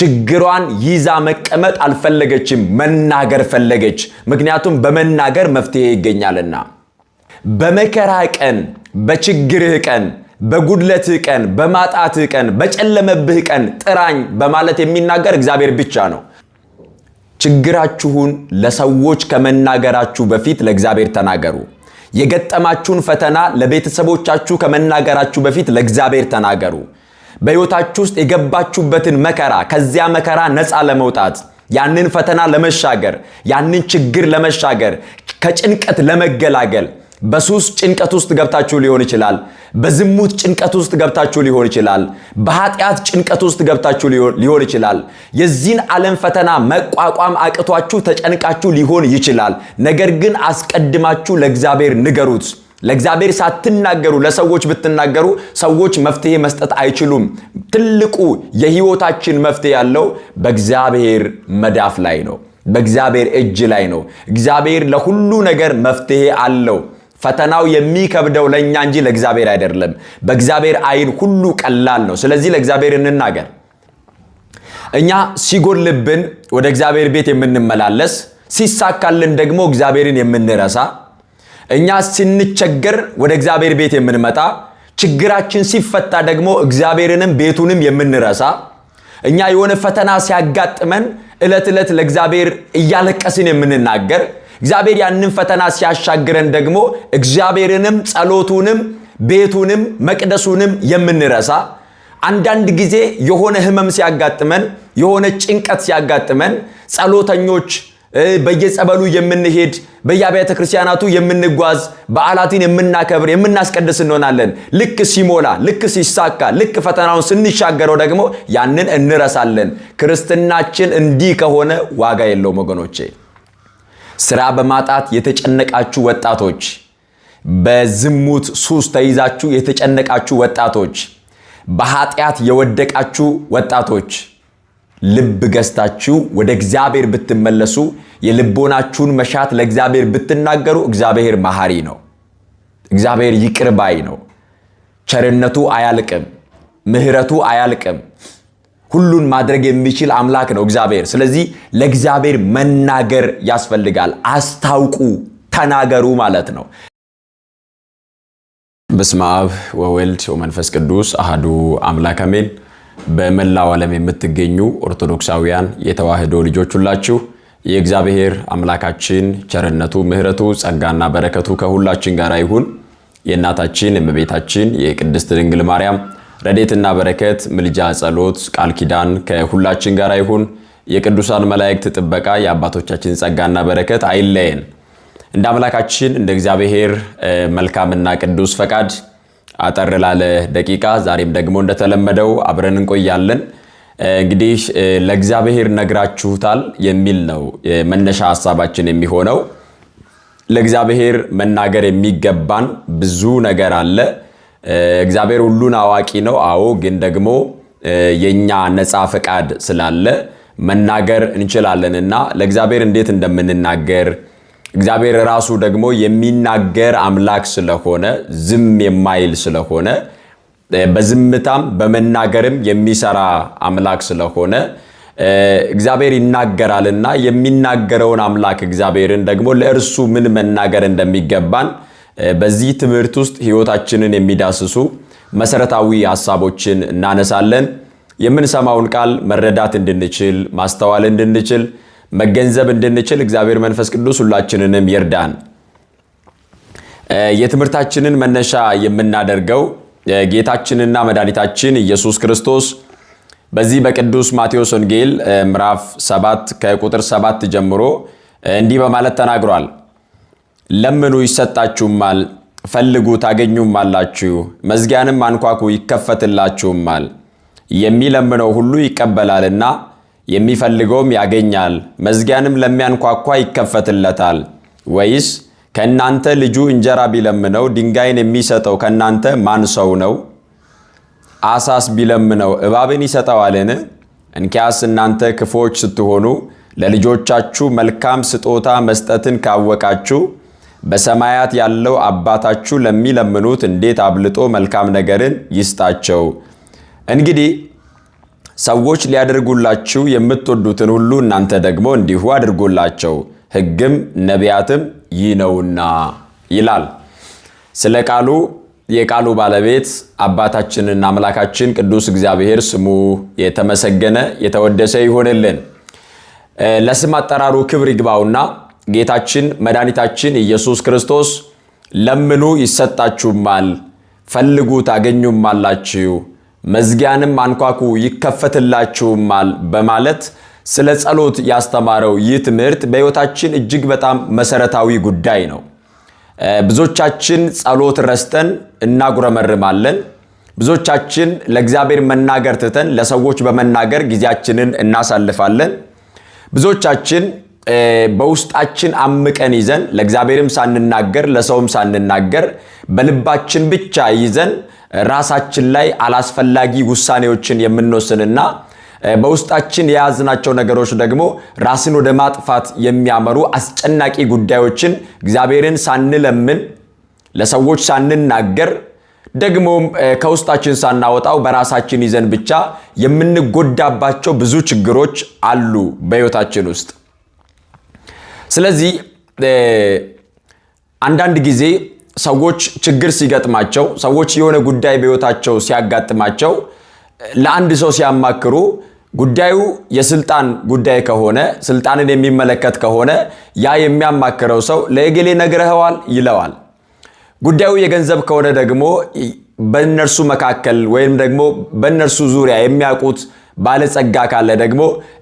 ችግሯን ይዛ መቀመጥ አልፈለገችም፣ መናገር ፈለገች። ምክንያቱም በመናገር መፍትሄ ይገኛልና። በመከራህ ቀን፣ በችግርህ ቀን፣ በጉድለትህ ቀን፣ በማጣትህ ቀን፣ በጨለመብህ ቀን ጥራኝ በማለት የሚናገር እግዚአብሔር ብቻ ነው። ችግራችሁን ለሰዎች ከመናገራችሁ በፊት ለእግዚአብሔር ተናገሩ። የገጠማችሁን ፈተና ለቤተሰቦቻችሁ ከመናገራችሁ በፊት ለእግዚአብሔር ተናገሩ። በሕይወታችሁ ውስጥ የገባችሁበትን መከራ ከዚያ መከራ ነፃ ለመውጣት ያንን ፈተና ለመሻገር ያንን ችግር ለመሻገር ከጭንቀት ለመገላገል በሱስ ጭንቀት ውስጥ ገብታችሁ ሊሆን ይችላል። በዝሙት ጭንቀት ውስጥ ገብታችሁ ሊሆን ይችላል። በኃጢአት ጭንቀት ውስጥ ገብታችሁ ሊሆን ይችላል። የዚህን ዓለም ፈተና መቋቋም አቅቷችሁ ተጨንቃችሁ ሊሆን ይችላል። ነገር ግን አስቀድማችሁ ለእግዚአብሔር ንገሩት። ለእግዚአብሔር ሳትናገሩ ለሰዎች ብትናገሩ ሰዎች መፍትሄ መስጠት አይችሉም። ትልቁ የህይወታችን መፍትሄ ያለው በእግዚአብሔር መዳፍ ላይ ነው፣ በእግዚአብሔር እጅ ላይ ነው። እግዚአብሔር ለሁሉ ነገር መፍትሄ አለው። ፈተናው የሚከብደው ለእኛ እንጂ ለእግዚአብሔር አይደለም። በእግዚአብሔር አይን ሁሉ ቀላል ነው። ስለዚህ ለእግዚአብሔር እንናገር። እኛ ሲጎልብን ወደ እግዚአብሔር ቤት የምንመላለስ ሲሳካልን ደግሞ እግዚአብሔርን የምንረሳ እኛ ስንቸገር ወደ እግዚአብሔር ቤት የምንመጣ ችግራችን ሲፈታ ደግሞ እግዚአብሔርንም ቤቱንም የምንረሳ እኛ የሆነ ፈተና ሲያጋጥመን ዕለት ዕለት ለእግዚአብሔር እያለቀስን የምንናገር እግዚአብሔር ያንን ፈተና ሲያሻግረን ደግሞ እግዚአብሔርንም ጸሎቱንም ቤቱንም መቅደሱንም የምንረሳ አንዳንድ ጊዜ የሆነ ህመም ሲያጋጥመን የሆነ ጭንቀት ሲያጋጥመን ጸሎተኞች በየጸበሉ የምንሄድ በየአብያተ ክርስቲያናቱ የምንጓዝ በዓላትን የምናከብር የምናስቀድስ እንሆናለን። ልክ ሲሞላ፣ ልክ ሲሳካ፣ ልክ ፈተናውን ስንሻገረው ደግሞ ያንን እንረሳለን። ክርስትናችን እንዲህ ከሆነ ዋጋ የለውም ወገኖቼ። ስራ በማጣት የተጨነቃችሁ ወጣቶች፣ በዝሙት ሱስ ተይዛችሁ የተጨነቃችሁ ወጣቶች፣ በኃጢአት የወደቃችሁ ወጣቶች ልብ ገዝታችሁ ወደ እግዚአብሔር ብትመለሱ የልቦናችሁን መሻት ለእግዚአብሔር ብትናገሩ እግዚአብሔር መሐሪ ነው። እግዚአብሔር ይቅር ባይ ነው። ቸርነቱ አያልቅም፣ ምሕረቱ አያልቅም። ሁሉን ማድረግ የሚችል አምላክ ነው እግዚአብሔር። ስለዚህ ለእግዚአብሔር መናገር ያስፈልጋል። አስታውቁ፣ ተናገሩ ማለት ነው። በስመ አብ ወወልድ ወመንፈስ ቅዱስ አህዱ አምላክ አሜን። በመላው ዓለም የምትገኙ ኦርቶዶክሳውያን የተዋህዶ ልጆች ሁላችሁ የእግዚአብሔር አምላካችን ቸርነቱ፣ ምሕረቱ፣ ጸጋና በረከቱ ከሁላችን ጋር ይሁን። የእናታችን እመቤታችን የቅድስት ድንግል ማርያም ረዴትና በረከት፣ ምልጃ፣ ጸሎት፣ ቃል ኪዳን ከሁላችን ጋር ይሁን። የቅዱሳን መላእክት ጥበቃ፣ የአባቶቻችን ጸጋና በረከት አይለየን። እንደ አምላካችን እንደ እግዚአብሔር መልካምና ቅዱስ ፈቃድ አጠር ላለ ደቂቃ ዛሬም ደግሞ እንደተለመደው አብረን እንቆያለን። እንግዲህ ለእግዚአብሔር ነግራችሁታል የሚል ነው መነሻ ሀሳባችን የሚሆነው። ለእግዚአብሔር መናገር የሚገባን ብዙ ነገር አለ። እግዚአብሔር ሁሉን አዋቂ ነው። አዎ፣ ግን ደግሞ የእኛ ነፃ ፈቃድ ስላለ መናገር እንችላለንና ለእግዚአብሔር እንዴት እንደምንናገር እግዚአብሔር ራሱ ደግሞ የሚናገር አምላክ ስለሆነ ዝም የማይል ስለሆነ በዝምታም በመናገርም የሚሰራ አምላክ ስለሆነ እግዚአብሔር ይናገራልና የሚናገረውን አምላክ እግዚአብሔርን ደግሞ ለእርሱ ምን መናገር እንደሚገባን በዚህ ትምህርት ውስጥ ሕይወታችንን የሚዳስሱ መሰረታዊ ሀሳቦችን እናነሳለን። የምንሰማውን ቃል መረዳት እንድንችል ማስተዋል እንድንችል መገንዘብ እንድንችል እግዚአብሔር መንፈስ ቅዱስ ሁላችንንም ይርዳን። የትምህርታችንን መነሻ የምናደርገው ጌታችንና መድኃኒታችን ኢየሱስ ክርስቶስ በዚህ በቅዱስ ማቴዎስ ወንጌል ምዕራፍ 7 ከቁጥር 7 ጀምሮ እንዲህ በማለት ተናግሯል። ለምኑ ይሰጣችሁማል፣ ፈልጉ ታገኙማላችሁ፣ መዝጊያንም አንኳኩ ይከፈትላችሁማል። የሚለምነው ሁሉ ይቀበላልና የሚፈልገውም ያገኛል፣ መዝጊያንም ለሚያንኳኳ ይከፈትለታል። ወይስ ከእናንተ ልጁ እንጀራ ቢለምነው ድንጋይን የሚሰጠው ከእናንተ ማን ሰው ነው? አሳስ ቢለምነው እባብን ይሰጠዋልን? እንኪያስ እናንተ ክፉዎች ስትሆኑ ለልጆቻችሁ መልካም ስጦታ መስጠትን ካወቃችሁ በሰማያት ያለው አባታችሁ ለሚለምኑት እንዴት አብልጦ መልካም ነገርን ይስጣቸው። እንግዲህ ሰዎች ሊያደርጉላችሁ የምትወዱትን ሁሉ እናንተ ደግሞ እንዲሁ አድርጉላቸው፣ ሕግም ነቢያትም ይህ ነውና ይላል። ስለ ቃሉ የቃሉ ባለቤት አባታችንና አምላካችን ቅዱስ እግዚአብሔር ስሙ የተመሰገነ የተወደሰ ይሆንልን። ለስም አጠራሩ ክብር ይግባውና ጌታችን መድኃኒታችን ኢየሱስ ክርስቶስ ለምኑ ይሰጣችሁማል፣ ፈልጉ ታገኙማላችሁ መዝጊያንም አንኳኩ ይከፈትላችሁማል በማለት ስለ ጸሎት ያስተማረው ይህ ትምህርት በሕይወታችን እጅግ በጣም መሰረታዊ ጉዳይ ነው። ብዙዎቻችን ጸሎት ረስተን እናጉረመርማለን። ብዙዎቻችን ለእግዚአብሔር መናገር ትተን ለሰዎች በመናገር ጊዜያችንን እናሳልፋለን። ብዙዎቻችን በውስጣችን አምቀን ይዘን ለእግዚአብሔርም ሳንናገር ለሰውም ሳንናገር በልባችን ብቻ ይዘን ራሳችን ላይ አላስፈላጊ ውሳኔዎችን የምንወስንና በውስጣችን የያዝናቸው ነገሮች ደግሞ ራስን ወደ ማጥፋት የሚያመሩ አስጨናቂ ጉዳዮችን እግዚአብሔርን ሳንለምን ለሰዎች ሳንናገር ደግሞም ከውስጣችን ሳናወጣው በራሳችን ይዘን ብቻ የምንጎዳባቸው ብዙ ችግሮች አሉ በሕይወታችን ውስጥ። ስለዚህ አንዳንድ ጊዜ ሰዎች ችግር ሲገጥማቸው፣ ሰዎች የሆነ ጉዳይ በሕይወታቸው ሲያጋጥማቸው ለአንድ ሰው ሲያማክሩ ጉዳዩ የስልጣን ጉዳይ ከሆነ ስልጣንን የሚመለከት ከሆነ ያ የሚያማክረው ሰው ለእገሌ ነግረኸዋል ይለዋል። ጉዳዩ የገንዘብ ከሆነ ደግሞ በእነርሱ መካከል ወይም ደግሞ በእነርሱ ዙሪያ የሚያውቁት ባለጸጋ ካለ ደግሞ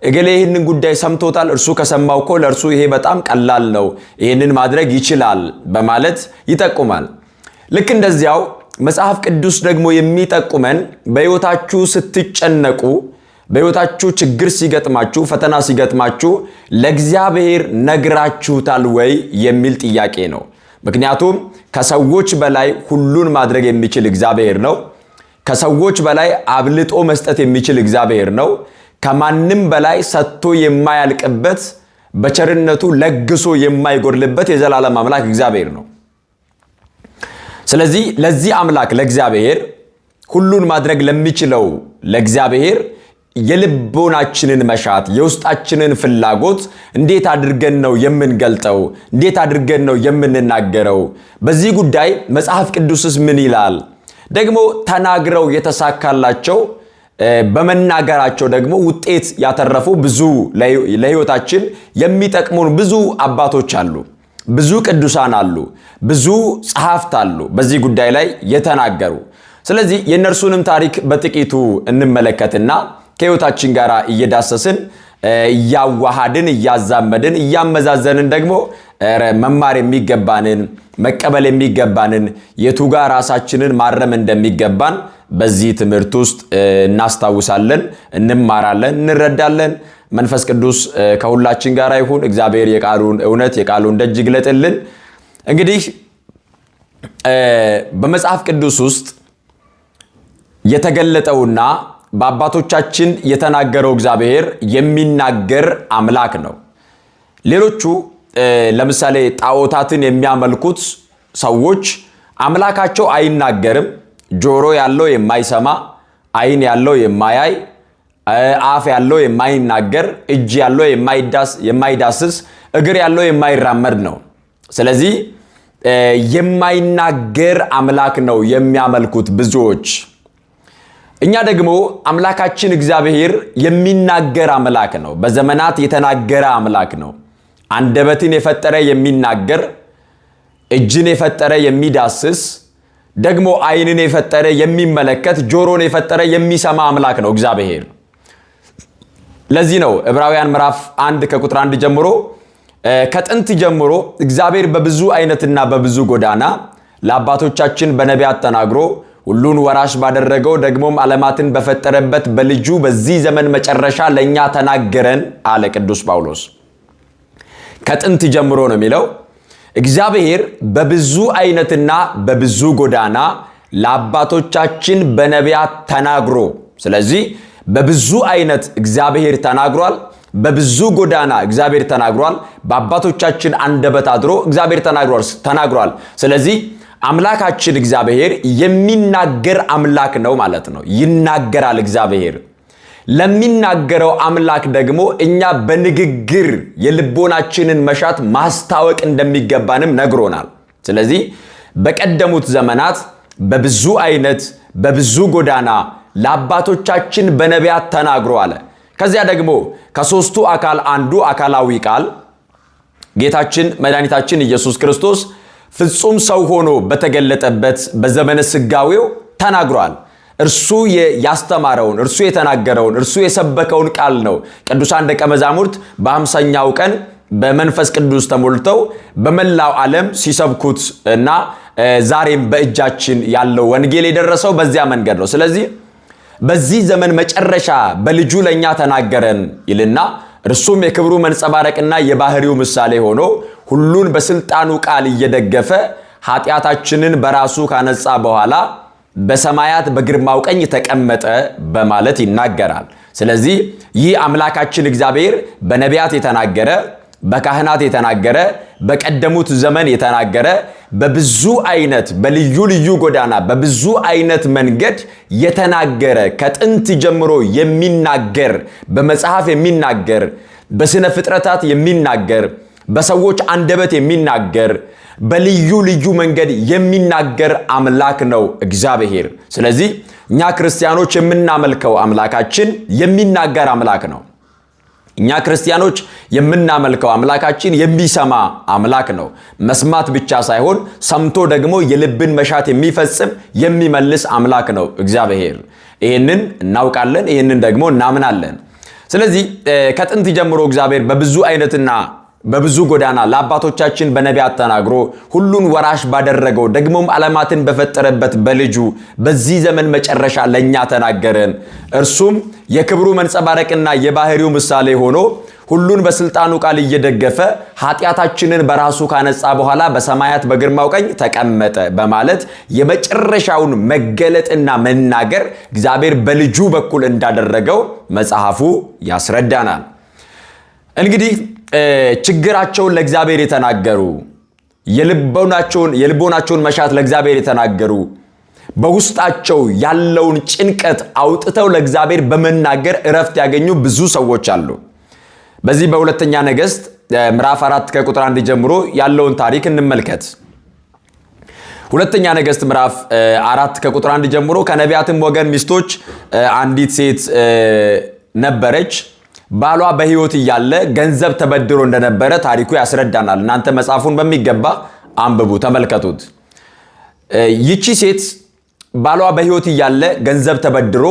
እገሌ ይህንን ጉዳይ ሰምቶታል፣ እርሱ ከሰማው እኮ ለእርሱ ይሄ በጣም ቀላል ነው፣ ይህንን ማድረግ ይችላል በማለት ይጠቁማል። ልክ እንደዚያው መጽሐፍ ቅዱስ ደግሞ የሚጠቁመን በሕይወታችሁ ስትጨነቁ፣ በሕይወታችሁ ችግር ሲገጥማችሁ፣ ፈተና ሲገጥማችሁ ለእግዚአብሔር ነግራችሁታል ወይ የሚል ጥያቄ ነው። ምክንያቱም ከሰዎች በላይ ሁሉን ማድረግ የሚችል እግዚአብሔር ነው። ከሰዎች በላይ አብልጦ መስጠት የሚችል እግዚአብሔር ነው። ከማንም በላይ ሰጥቶ የማያልቅበት በቸርነቱ ለግሶ የማይጎድልበት የዘላለም አምላክ እግዚአብሔር ነው። ስለዚህ ለዚህ አምላክ ለእግዚአብሔር ሁሉን ማድረግ ለሚችለው ለእግዚአብሔር የልቦናችንን መሻት የውስጣችንን ፍላጎት እንዴት አድርገን ነው የምንገልጠው? እንዴት አድርገን ነው የምንናገረው? በዚህ ጉዳይ መጽሐፍ ቅዱስስ ምን ይላል? ደግሞ ተናግረው የተሳካላቸው በመናገራቸው ደግሞ ውጤት ያተረፉ ብዙ ለህይወታችን የሚጠቅሙን ብዙ አባቶች አሉ፣ ብዙ ቅዱሳን አሉ፣ ብዙ ጸሐፍት አሉ በዚህ ጉዳይ ላይ የተናገሩ። ስለዚህ የእነርሱንም ታሪክ በጥቂቱ እንመለከትና ከህይወታችን ጋር እየዳሰስን እያዋሃድን እያዛመድን እያመዛዘንን ደግሞ መማር የሚገባንን መቀበል የሚገባንን የቱ ጋር ራሳችንን ማረም እንደሚገባን በዚህ ትምህርት ውስጥ እናስታውሳለን፣ እንማራለን፣ እንረዳለን። መንፈስ ቅዱስ ከሁላችን ጋር ይሁን። እግዚአብሔር የቃሉን እውነት የቃሉን ደጅ ይግለጥልን። እንግዲህ በመጽሐፍ ቅዱስ ውስጥ የተገለጠውና በአባቶቻችን የተናገረው እግዚአብሔር የሚናገር አምላክ ነው። ሌሎቹ ለምሳሌ ጣዖታትን የሚያመልኩት ሰዎች አምላካቸው አይናገርም፣ ጆሮ ያለው የማይሰማ፣ አይን ያለው የማያይ፣ አፍ ያለው የማይናገር፣ እጅ ያለው የማይዳስስ፣ እግር ያለው የማይራመድ ነው። ስለዚህ የማይናገር አምላክ ነው የሚያመልኩት ብዙዎች። እኛ ደግሞ አምላካችን እግዚአብሔር የሚናገር አምላክ ነው። በዘመናት የተናገረ አምላክ ነው። አንደበትን የፈጠረ የሚናገር፣ እጅን የፈጠረ የሚዳስስ፣ ደግሞ አይንን የፈጠረ የሚመለከት፣ ጆሮን የፈጠረ የሚሰማ አምላክ ነው እግዚአብሔር። ለዚህ ነው ዕብራውያን ምዕራፍ አንድ ከቁጥር አንድ ጀምሮ ከጥንት ጀምሮ እግዚአብሔር በብዙ አይነትና በብዙ ጎዳና ለአባቶቻችን በነቢያት ተናግሮ ሁሉን ወራሽ ባደረገው ደግሞም ዓለማትን በፈጠረበት በልጁ በዚህ ዘመን መጨረሻ ለእኛ ተናገረን አለ ቅዱስ ጳውሎስ። ከጥንት ጀምሮ ነው የሚለው እግዚአብሔር በብዙ አይነትና በብዙ ጎዳና ለአባቶቻችን በነቢያት ተናግሮ ስለዚህ በብዙ አይነት እግዚአብሔር ተናግሯል። በብዙ ጎዳና እግዚአብሔር ተናግሯል። በአባቶቻችን አንደበት አድሮ እግዚአብሔር ተናግሯል። ስለዚህ አምላካችን እግዚአብሔር የሚናገር አምላክ ነው ማለት ነው። ይናገራል እግዚአብሔር ለሚናገረው አምላክ ደግሞ እኛ በንግግር የልቦናችንን መሻት ማስታወቅ እንደሚገባንም ነግሮናል። ስለዚህ በቀደሙት ዘመናት በብዙ አይነት በብዙ ጎዳና ለአባቶቻችን በነቢያት ተናግሮ አለ። ከዚያ ደግሞ ከሦስቱ አካል አንዱ አካላዊ ቃል ጌታችን መድኃኒታችን ኢየሱስ ክርስቶስ ፍጹም ሰው ሆኖ በተገለጠበት በዘመነ ስጋዌው ተናግሯል። እርሱ ያስተማረውን እርሱ የተናገረውን እርሱ የሰበከውን ቃል ነው። ቅዱሳን ደቀ መዛሙርት በአምሳኛው ቀን በመንፈስ ቅዱስ ተሞልተው በመላው ዓለም ሲሰብኩት እና ዛሬም በእጃችን ያለው ወንጌል የደረሰው በዚያ መንገድ ነው። ስለዚህ በዚህ ዘመን መጨረሻ በልጁ ለእኛ ተናገረን ይልና እርሱም የክብሩ መንጸባረቅና የባህሪው ምሳሌ ሆኖ ሁሉን በስልጣኑ ቃል እየደገፈ ኃጢአታችንን በራሱ ካነጻ በኋላ በሰማያት በግርማው ቀኝ ተቀመጠ በማለት ይናገራል። ስለዚህ ይህ አምላካችን እግዚአብሔር በነቢያት የተናገረ በካህናት የተናገረ በቀደሙት ዘመን የተናገረ በብዙ አይነት በልዩ ልዩ ጎዳና በብዙ አይነት መንገድ የተናገረ ከጥንት ጀምሮ የሚናገር በመጽሐፍ የሚናገር በስነ ፍጥረታት የሚናገር በሰዎች አንደበት የሚናገር በልዩ ልዩ መንገድ የሚናገር አምላክ ነው እግዚአብሔር። ስለዚህ እኛ ክርስቲያኖች የምናመልከው አምላካችን የሚናገር አምላክ ነው። እኛ ክርስቲያኖች የምናመልከው አምላካችን የሚሰማ አምላክ ነው። መስማት ብቻ ሳይሆን ሰምቶ ደግሞ የልብን መሻት የሚፈጽም የሚመልስ አምላክ ነው እግዚአብሔር። ይህንን እናውቃለን፣ ይህንን ደግሞ እናምናለን። ስለዚህ ከጥንት ጀምሮ እግዚአብሔር በብዙ አይነትና በብዙ ጎዳና ለአባቶቻችን በነቢያት ተናግሮ ሁሉን ወራሽ ባደረገው ደግሞም ዓለማትን በፈጠረበት በልጁ በዚህ ዘመን መጨረሻ ለእኛ ተናገረን። እርሱም የክብሩ መንጸባረቅና የባህሪው ምሳሌ ሆኖ ሁሉን በስልጣኑ ቃል እየደገፈ ኃጢአታችንን በራሱ ካነጻ በኋላ በሰማያት በግርማው ቀኝ ተቀመጠ በማለት የመጨረሻውን መገለጥና መናገር እግዚአብሔር በልጁ በኩል እንዳደረገው መጽሐፉ ያስረዳናል። እንግዲህ ችግራቸውን ለእግዚአብሔር የተናገሩ የልቦናቸውን መሻት ለእግዚአብሔር የተናገሩ በውስጣቸው ያለውን ጭንቀት አውጥተው ለእግዚአብሔር በመናገር እረፍት ያገኙ ብዙ ሰዎች አሉ። በዚህ በሁለተኛ ነገሥት ምዕራፍ አራት ከቁጥር አንድ ጀምሮ ያለውን ታሪክ እንመልከት። ሁለተኛ ነገሥት ምዕራፍ አራት ከቁጥር አንድ ጀምሮ ከነቢያትም ወገን ሚስቶች አንዲት ሴት ነበረች ባሏ በህይወት እያለ ገንዘብ ተበድሮ እንደነበረ ታሪኩ ያስረዳናል። እናንተ መጽሐፉን በሚገባ አንብቡ፣ ተመልከቱት። ይቺ ሴት ባሏ በህይወት እያለ ገንዘብ ተበድሮ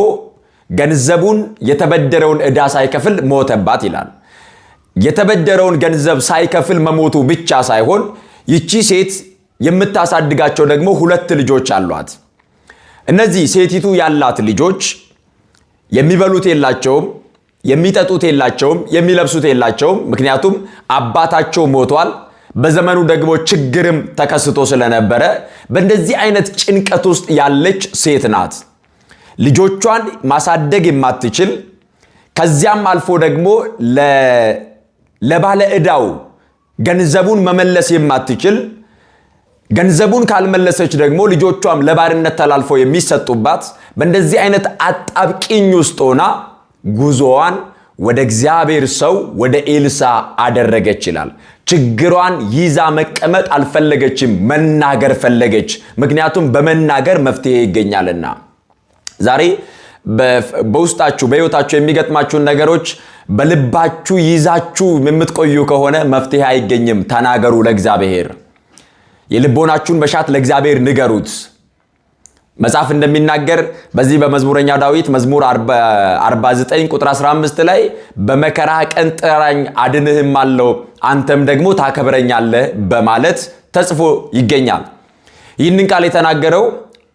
ገንዘቡን የተበደረውን ዕዳ ሳይከፍል ሞተባት ይላል። የተበደረውን ገንዘብ ሳይከፍል መሞቱ ብቻ ሳይሆን ይቺ ሴት የምታሳድጋቸው ደግሞ ሁለት ልጆች አሏት። እነዚህ ሴቲቱ ያላት ልጆች የሚበሉት የላቸውም የሚጠጡት የላቸውም፣ የሚለብሱት የላቸውም። ምክንያቱም አባታቸው ሞቷል። በዘመኑ ደግሞ ችግርም ተከስቶ ስለነበረ በእንደዚህ አይነት ጭንቀት ውስጥ ያለች ሴት ናት። ልጆቿን ማሳደግ የማትችል ከዚያም አልፎ ደግሞ ለባለ ዕዳው ገንዘቡን መመለስ የማትችል ገንዘቡን ካልመለሰች ደግሞ ልጆቿም ለባርነት ተላልፈው የሚሰጡባት በእንደዚህ አይነት አጣብቂኝ ውስጥ ሆና ጉዞዋን ወደ እግዚአብሔር ሰው ወደ ኤልሳ አደረገች ይላል። ችግሯን ይዛ መቀመጥ አልፈለገችም፣ መናገር ፈለገች። ምክንያቱም በመናገር መፍትሄ ይገኛልና። ዛሬ በውስጣችሁ በሕይወታችሁ የሚገጥማችሁን ነገሮች በልባችሁ ይዛችሁ የምትቆዩ ከሆነ መፍትሄ አይገኝም። ተናገሩ ለእግዚአብሔር። የልቦናችሁን መሻት ለእግዚአብሔር ንገሩት። መጽሐፍ እንደሚናገር በዚህ በመዝሙረኛ ዳዊት መዝሙር 49 ቁጥር 15 ላይ በመከራ ቀን ጥራኝ አድንህም አለው አንተም ደግሞ ታከብረኛለህ በማለት ተጽፎ ይገኛል። ይህንን ቃል የተናገረው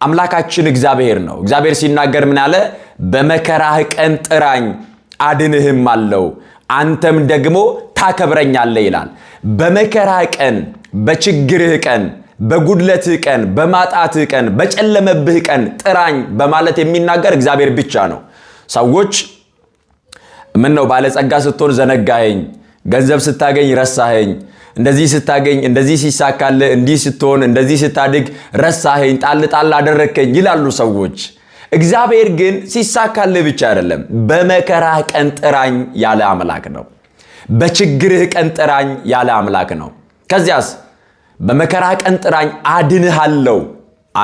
አምላካችን እግዚአብሔር ነው። እግዚአብሔር ሲናገር ምን አለ? በመከራህ ቀን ጥራኝ አድንህም አለው አንተም ደግሞ ታከብረኛለህ ይላል። በመከራህ ቀን፣ በችግርህ ቀን በጉድለትህ ቀን፣ በማጣትህ ቀን፣ በጨለመብህ ቀን ጥራኝ በማለት የሚናገር እግዚአብሔር ብቻ ነው። ሰዎች ምን ነው ባለጸጋ ስትሆን ዘነጋኸኝ፣ ገንዘብ ስታገኝ ረሳኸኝ፣ እንደዚህ ስታገኝ፣ እንደዚህ ሲሳካልህ፣ እንዲህ ስትሆን፣ እንደዚህ ስታድግ ረሳኸኝ፣ ጣል ጣል አደረግከኝ ይላሉ ሰዎች። እግዚአብሔር ግን ሲሳካልህ ብቻ አይደለም፣ በመከራህ ቀን ጥራኝ ያለ አምላክ ነው። በችግርህ ቀን ጥራኝ ያለ አምላክ ነው። ከዚያስ በመከራ ቀን ጥራኝ አድንሃለው፣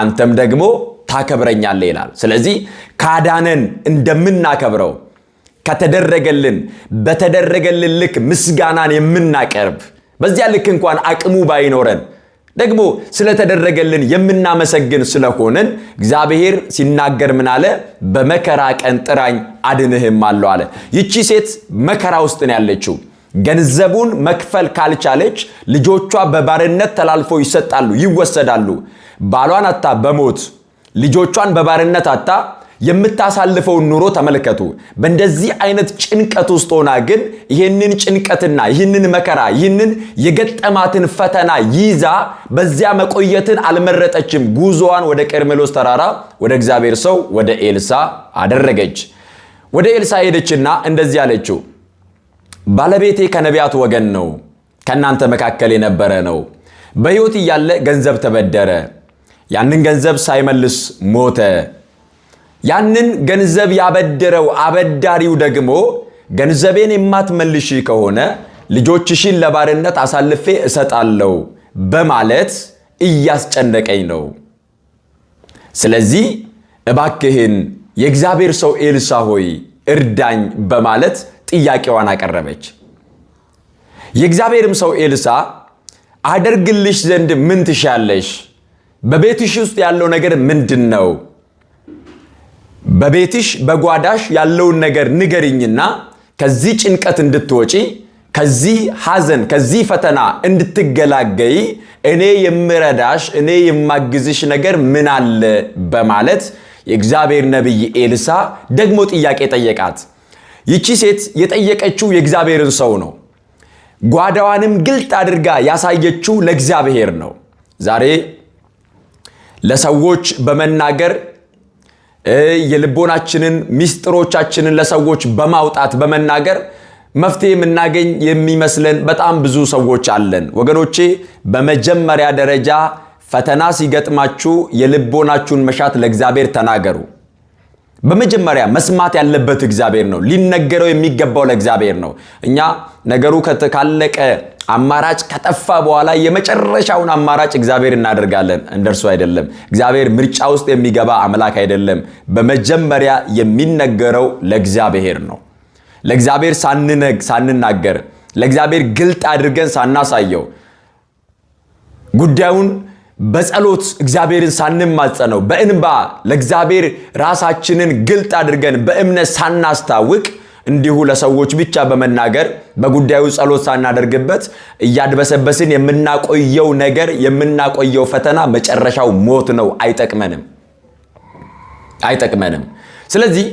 አንተም ደግሞ ታከብረኛለህ ይላል። ስለዚህ ካዳነን እንደምናከብረው ከተደረገልን በተደረገልን ልክ ምስጋናን የምናቀርብ በዚያ ልክ እንኳን አቅሙ ባይኖረን ደግሞ ስለተደረገልን የምናመሰግን ስለሆንን እግዚአብሔር ሲናገር ምን አለ? በመከራ ቀን ጥራኝ አድንህም አለው አለ። ይቺ ሴት መከራ ውስጥ ነው ያለችው። ገንዘቡን መክፈል ካልቻለች ልጆቿ በባርነት ተላልፈው ይሰጣሉ፣ ይወሰዳሉ። ባሏን አታ በሞት ልጆቿን በባርነት አታ የምታሳልፈውን ኑሮ ተመልከቱ። በእንደዚህ አይነት ጭንቀት ውስጥ ሆና ግን ይህንን ጭንቀትና ይህንን መከራ ይህንን የገጠማትን ፈተና ይዛ በዚያ መቆየትን አልመረጠችም። ጉዞዋን ወደ ቀርሜሎስ ተራራ ወደ እግዚአብሔር ሰው ወደ ኤልሳ አደረገች። ወደ ኤልሳ ሄደችና እንደዚህ አለችው ባለቤቴ ከነቢያት ወገን ነው፣ ከእናንተ መካከል የነበረ ነው። በሕይወት እያለ ገንዘብ ተበደረ፣ ያንን ገንዘብ ሳይመልስ ሞተ። ያንን ገንዘብ ያበደረው አበዳሪው ደግሞ ገንዘቤን የማትመልሽ ከሆነ ልጆችሽን ለባርነት አሳልፌ እሰጣለሁ በማለት እያስጨነቀኝ ነው። ስለዚህ እባክህን የእግዚአብሔር ሰው ኤልሳ ሆይ እርዳኝ በማለት ጥያቄዋን አቀረበች። የእግዚአብሔርም ሰው ኤልሳ አደርግልሽ ዘንድ ምን ትሻለሽ? በቤትሽ ውስጥ ያለው ነገር ምንድን ነው? በቤትሽ በጓዳሽ ያለውን ነገር ንገርኝና ከዚህ ጭንቀት እንድትወጪ ከዚህ ሐዘን ከዚህ ፈተና እንድትገላገይ እኔ የምረዳሽ እኔ የማግዝሽ ነገር ምን አለ? በማለት የእግዚአብሔር ነቢይ ኤልሳ ደግሞ ጥያቄ ጠየቃት። ይቺ ሴት የጠየቀችው የእግዚአብሔርን ሰው ነው። ጓዳዋንም ግልጥ አድርጋ ያሳየችው ለእግዚአብሔር ነው። ዛሬ ለሰዎች በመናገር የልቦናችንን ሚስጥሮቻችንን ለሰዎች በማውጣት በመናገር መፍትሄ የምናገኝ የሚመስለን በጣም ብዙ ሰዎች አለን። ወገኖቼ በመጀመሪያ ደረጃ ፈተና ሲገጥማችሁ የልቦናችሁን መሻት ለእግዚአብሔር ተናገሩ። በመጀመሪያ መስማት ያለበት እግዚአብሔር ነው። ሊነገረው የሚገባው ለእግዚአብሔር ነው። እኛ ነገሩ ካለቀ አማራጭ ከጠፋ በኋላ የመጨረሻውን አማራጭ እግዚአብሔር እናደርጋለን። እንደርሱ አይደለም። እግዚአብሔር ምርጫ ውስጥ የሚገባ አምላክ አይደለም። በመጀመሪያ የሚነገረው ለእግዚአብሔር ነው። ለእግዚአብሔር ሳንነግ ሳንናገር ለእግዚአብሔር ግልጥ አድርገን ሳናሳየው ጉዳዩን በጸሎት እግዚአብሔርን ሳንማጸነው በእንባ ለእግዚአብሔር ራሳችንን ግልጥ አድርገን በእምነት ሳናስታውቅ እንዲሁ ለሰዎች ብቻ በመናገር በጉዳዩ ጸሎት ሳናደርግበት እያድበሰበስን የምናቆየው ነገር የምናቆየው ፈተና መጨረሻው ሞት ነው። አይጠቅመንም፣ አይጠቅመንም። ስለዚህ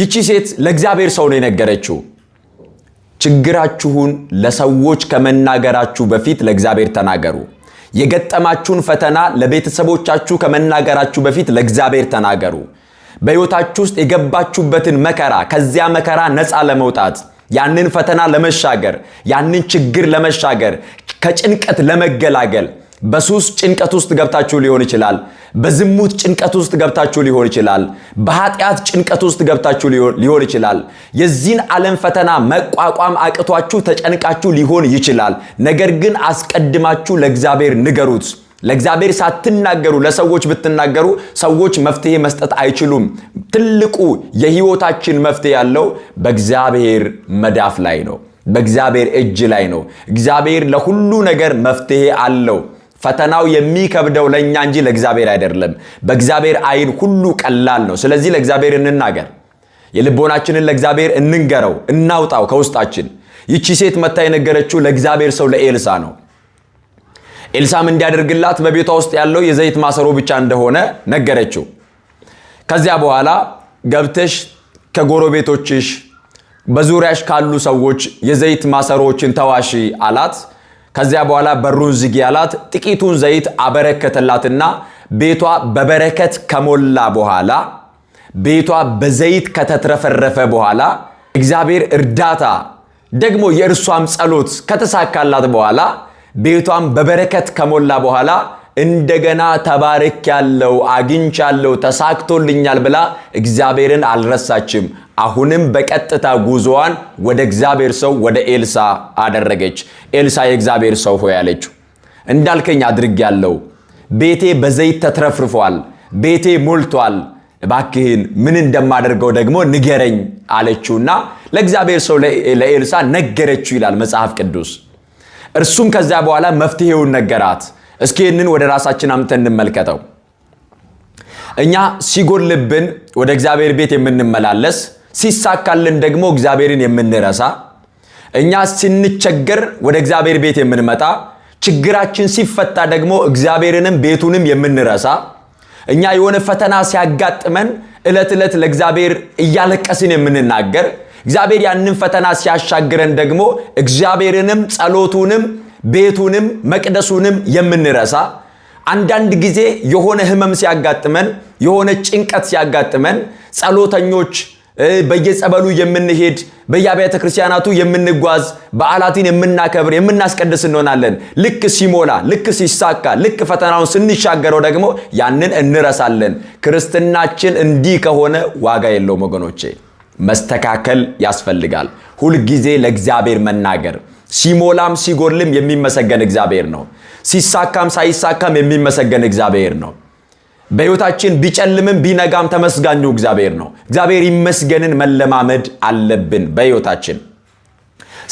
ይቺ ሴት ለእግዚአብሔር ሰው ነው የነገረችው። ችግራችሁን ለሰዎች ከመናገራችሁ በፊት ለእግዚአብሔር ተናገሩ። የገጠማችሁን ፈተና ለቤተሰቦቻችሁ ከመናገራችሁ በፊት ለእግዚአብሔር ተናገሩ። በሕይወታችሁ ውስጥ የገባችሁበትን መከራ ከዚያ መከራ ነፃ ለመውጣት ያንን ፈተና ለመሻገር ያንን ችግር ለመሻገር ከጭንቀት ለመገላገል በሱስ ጭንቀት ውስጥ ገብታችሁ ሊሆን ይችላል። በዝሙት ጭንቀት ውስጥ ገብታችሁ ሊሆን ይችላል። በኃጢአት ጭንቀት ውስጥ ገብታችሁ ሊሆን ይችላል። የዚህን ዓለም ፈተና መቋቋም አቅቷችሁ ተጨንቃችሁ ሊሆን ይችላል። ነገር ግን አስቀድማችሁ ለእግዚአብሔር ንገሩት። ለእግዚአብሔር ሳትናገሩ ለሰዎች ብትናገሩ ሰዎች መፍትሄ መስጠት አይችሉም። ትልቁ የህይወታችን መፍትሄ ያለው በእግዚአብሔር መዳፍ ላይ ነው፣ በእግዚአብሔር እጅ ላይ ነው። እግዚአብሔር ለሁሉ ነገር መፍትሄ አለው። ፈተናው የሚከብደው ለእኛ እንጂ ለእግዚአብሔር አይደለም። በእግዚአብሔር አይን ሁሉ ቀላል ነው። ስለዚህ ለእግዚአብሔር እንናገር። የልቦናችንን ለእግዚአብሔር እንንገረው፣ እናውጣው ከውስጣችን። ይቺ ሴት መታ የነገረችው ለእግዚአብሔር ሰው ለኤልሳ ነው። ኤልሳም እንዲያደርግላት በቤቷ ውስጥ ያለው የዘይት ማሰሮ ብቻ እንደሆነ ነገረችው። ከዚያ በኋላ ገብተሽ ከጎረቤቶችሽ፣ በዙሪያሽ ካሉ ሰዎች የዘይት ማሰሮዎችን ተዋሺ አላት። ከዚያ በኋላ በሩን ዝጊ ያላት ጥቂቱን ዘይት አበረከተላትና ቤቷ በበረከት ከሞላ በኋላ ቤቷ በዘይት ከተትረፈረፈ በኋላ እግዚአብሔር እርዳታ ደግሞ የእርሷም ጸሎት ከተሳካላት በኋላ ቤቷም በበረከት ከሞላ በኋላ እንደገና ተባርክ ያለው አግኝቻለሁ፣ ተሳክቶልኛል ብላ እግዚአብሔርን አልረሳችም። አሁንም በቀጥታ ጉዞዋን ወደ እግዚአብሔር ሰው ወደ ኤልሳ አደረገች። ኤልሳ የእግዚአብሔር ሰው ሆይ አለችው፣ እንዳልከኝ ያለው ቤቴ በዘይት ተትረፍርፏል፣ ቤቴ ሞልቷል። እባክህን ምን እንደማደርገው ደግሞ ንገረኝ አለችውና ለእግዚአብሔር ሰው ለኤልሳ ነገረችው ይላል መጽሐፍ ቅዱስ። እርሱም ከዚያ በኋላ መፍትሄውን ነገራት። እስኪ ይህንን ወደ ራሳችን አምተን እንመልከተው። እኛ ሲጎልብን ወደ እግዚአብሔር ቤት የምንመላለስ፣ ሲሳካልን ደግሞ እግዚአብሔርን የምንረሳ፣ እኛ ስንቸገር ወደ እግዚአብሔር ቤት የምንመጣ፣ ችግራችን ሲፈታ ደግሞ እግዚአብሔርንም ቤቱንም የምንረሳ፣ እኛ የሆነ ፈተና ሲያጋጥመን ዕለት ዕለት ለእግዚአብሔር እያለቀስን የምንናገር፣ እግዚአብሔር ያንን ፈተና ሲያሻግረን ደግሞ እግዚአብሔርንም ጸሎቱንም ቤቱንም መቅደሱንም የምንረሳ አንዳንድ ጊዜ የሆነ ህመም ሲያጋጥመን፣ የሆነ ጭንቀት ሲያጋጥመን ጸሎተኞች በየጸበሉ የምንሄድ በየአብያተ ክርስቲያናቱ የምንጓዝ በዓላትን የምናከብር የምናስቀድስ እንሆናለን። ልክ ሲሞላ፣ ልክ ሲሳካ፣ ልክ ፈተናውን ስንሻገረው ደግሞ ያንን እንረሳለን። ክርስትናችን እንዲህ ከሆነ ዋጋ የለውም ወገኖቼ። መስተካከል ያስፈልጋል። ሁልጊዜ ለእግዚአብሔር መናገር ሲሞላም ሲጎልም የሚመሰገን እግዚአብሔር ነው። ሲሳካም ሳይሳካም የሚመሰገን እግዚአብሔር ነው። በሕይወታችን ቢጨልምም ቢነጋም ተመስጋኙ እግዚአብሔር ነው። እግዚአብሔር ይመስገንን መለማመድ አለብን በሕይወታችን።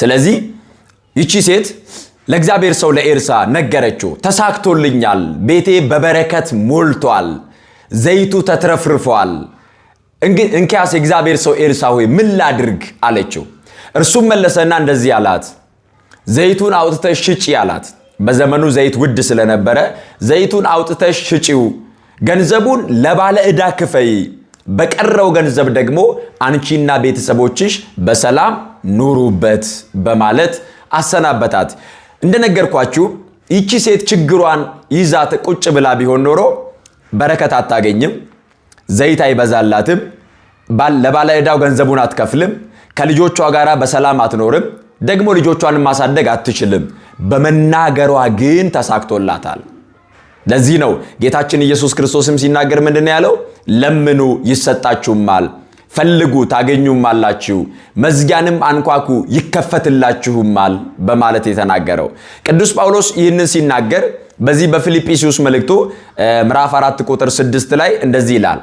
ስለዚህ ይቺ ሴት ለእግዚአብሔር ሰው ለኤርሳ ነገረችው። ተሳክቶልኛል፣ ቤቴ በበረከት ሞልቷል፣ ዘይቱ ተትረፍርፏል። እንኪያስ የእግዚአብሔር ሰው ኤርሳ ሆይ ምን ላድርግ አለችው። እርሱም መለሰና እንደዚህ አላት ዘይቱን አውጥተሽ ሽጪ አላት። በዘመኑ ዘይት ውድ ስለነበረ ዘይቱን አውጥተሽ ሽጪው፣ ገንዘቡን ለባለ ዕዳ ክፈይ፣ በቀረው ገንዘብ ደግሞ አንቺና ቤተሰቦችሽ በሰላም ኑሩበት በማለት አሰናበታት። እንደነገርኳችሁ ይቺ ሴት ችግሯን ይዛ ቁጭ ብላ ቢሆን ኖሮ በረከት አታገኝም፣ ዘይት አይበዛላትም፣ ለባለ ዕዳው ገንዘቡን አትከፍልም፣ ከልጆቿ ጋር በሰላም አትኖርም። ደግሞ ልጆቿን ማሳደግ አትችልም። በመናገሯ ግን ተሳክቶላታል። ለዚህ ነው ጌታችን ኢየሱስ ክርስቶስም ሲናገር ምንድን ያለው? ለምኑ ይሰጣችሁማል፣ ፈልጉ ታገኙማላችሁ፣ መዝጊያንም አንኳኩ ይከፈትላችሁማል በማለት የተናገረው ቅዱስ ጳውሎስ ይህንን ሲናገር በዚህ በፊልጵስዩስ መልእክቱ ምዕራፍ 4 ቁጥር 6 ላይ እንደዚህ ይላል፣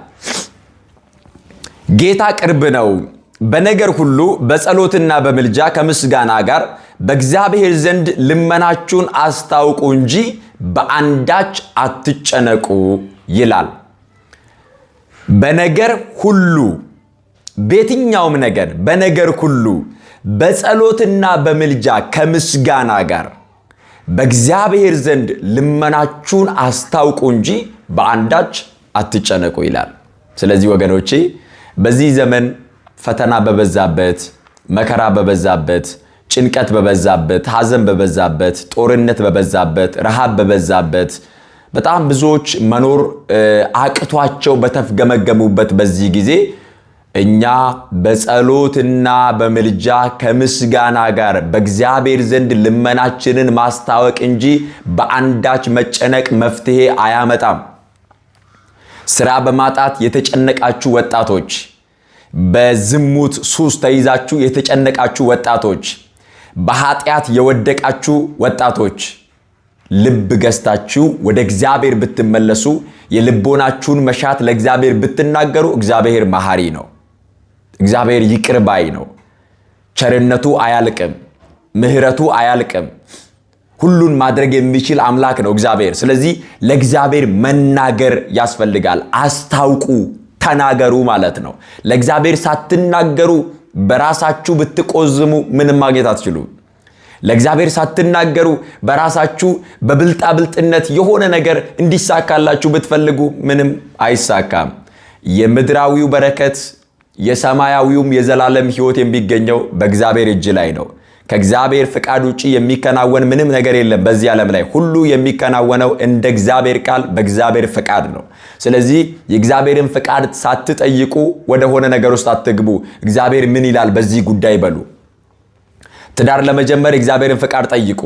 ጌታ ቅርብ ነው በነገር ሁሉ በጸሎትና በምልጃ ከምስጋና ጋር በእግዚአብሔር ዘንድ ልመናችሁን አስታውቁ እንጂ በአንዳች አትጨነቁ ይላል። በነገር ሁሉ በየትኛውም ነገር በነገር ሁሉ በጸሎትና በምልጃ ከምስጋና ጋር በእግዚአብሔር ዘንድ ልመናችሁን አስታውቁ እንጂ በአንዳች አትጨነቁ ይላል። ስለዚህ ወገኖቼ በዚህ ዘመን ፈተና በበዛበት፣ መከራ በበዛበት፣ ጭንቀት በበዛበት፣ ሐዘን በበዛበት፣ ጦርነት በበዛበት፣ ረሃብ በበዛበት በጣም ብዙዎች መኖር አቅቷቸው በተፍገመገሙበት በዚህ ጊዜ እኛ በጸሎትና በምልጃ ከምስጋና ጋር በእግዚአብሔር ዘንድ ልመናችንን ማስታወቅ እንጂ በአንዳች መጨነቅ መፍትሄ አያመጣም። ስራ በማጣት የተጨነቃችሁ ወጣቶች በዝሙት ሱስ ተይዛችሁ የተጨነቃችሁ ወጣቶች፣ በኃጢአት የወደቃችሁ ወጣቶች ልብ ገዝታችሁ ወደ እግዚአብሔር ብትመለሱ የልቦናችሁን መሻት ለእግዚአብሔር ብትናገሩ እግዚአብሔር መሐሪ ነው። እግዚአብሔር ይቅር ባይ ነው። ቸርነቱ አያልቅም፣ ምሕረቱ አያልቅም። ሁሉን ማድረግ የሚችል አምላክ ነው እግዚአብሔር። ስለዚህ ለእግዚአብሔር መናገር ያስፈልጋል። አስታውቁ ተናገሩ ማለት ነው። ለእግዚአብሔር ሳትናገሩ በራሳችሁ ብትቆዝሙ ምንም ማግኘት አትችሉም። ለእግዚአብሔር ሳትናገሩ በራሳችሁ በብልጣብልጥነት የሆነ ነገር እንዲሳካላችሁ ብትፈልጉ ምንም አይሳካም። የምድራዊው በረከት የሰማያዊውም የዘላለም ሕይወት የሚገኘው በእግዚአብሔር እጅ ላይ ነው። ከእግዚአብሔር ፍቃድ ውጭ የሚከናወን ምንም ነገር የለም። በዚህ ዓለም ላይ ሁሉ የሚከናወነው እንደ እግዚአብሔር ቃል በእግዚአብሔር ፍቃድ ነው። ስለዚህ የእግዚአብሔርን ፍቃድ ሳትጠይቁ ወደሆነ ነገር ውስጥ አትግቡ። እግዚአብሔር ምን ይላል በዚህ ጉዳይ በሉ። ትዳር ለመጀመር የእግዚአብሔርን ፍቃድ ጠይቁ።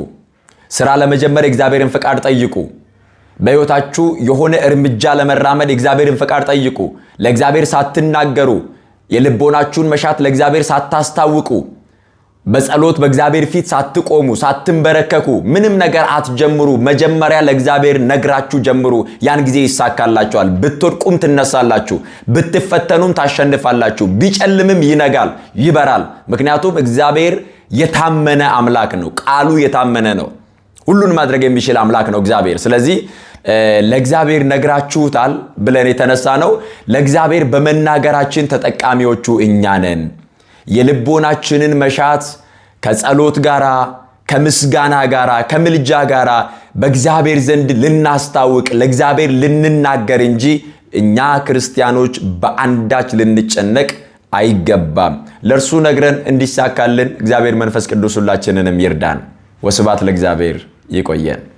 ስራ ለመጀመር የእግዚአብሔርን ፍቃድ ጠይቁ። በሕይወታችሁ የሆነ እርምጃ ለመራመድ የእግዚአብሔርን ፍቃድ ጠይቁ። ለእግዚአብሔር ሳትናገሩ የልቦናችሁን መሻት ለእግዚአብሔር ሳታስታውቁ በጸሎት በእግዚአብሔር ፊት ሳትቆሙ ሳትንበረከኩ ምንም ነገር አትጀምሩ። መጀመሪያ ለእግዚአብሔር ነግራችሁ ጀምሩ። ያን ጊዜ ይሳካላችኋል። ብትወድቁም ትነሳላችሁ፣ ብትፈተኑም ታሸንፋላችሁ። ቢጨልምም ይነጋል፣ ይበራል። ምክንያቱም እግዚአብሔር የታመነ አምላክ ነው። ቃሉ የታመነ ነው። ሁሉን ማድረግ የሚችል አምላክ ነው እግዚአብሔር። ስለዚህ ለእግዚአብሔር ነግራችሁታል ብለን የተነሳ ነው። ለእግዚአብሔር በመናገራችን ተጠቃሚዎቹ እኛ ነን። የልቦናችንን መሻት ከጸሎት ጋር፣ ከምስጋና ጋር፣ ከምልጃ ጋር በእግዚአብሔር ዘንድ ልናስታውቅ ለእግዚአብሔር ልንናገር እንጂ እኛ ክርስቲያኖች በአንዳች ልንጨነቅ አይገባም። ለእርሱ ነግረን እንዲሳካልን እግዚአብሔር መንፈስ ቅዱስ ሁላችንንም ይርዳን። ወስባት ለእግዚአብሔር። ይቆየን።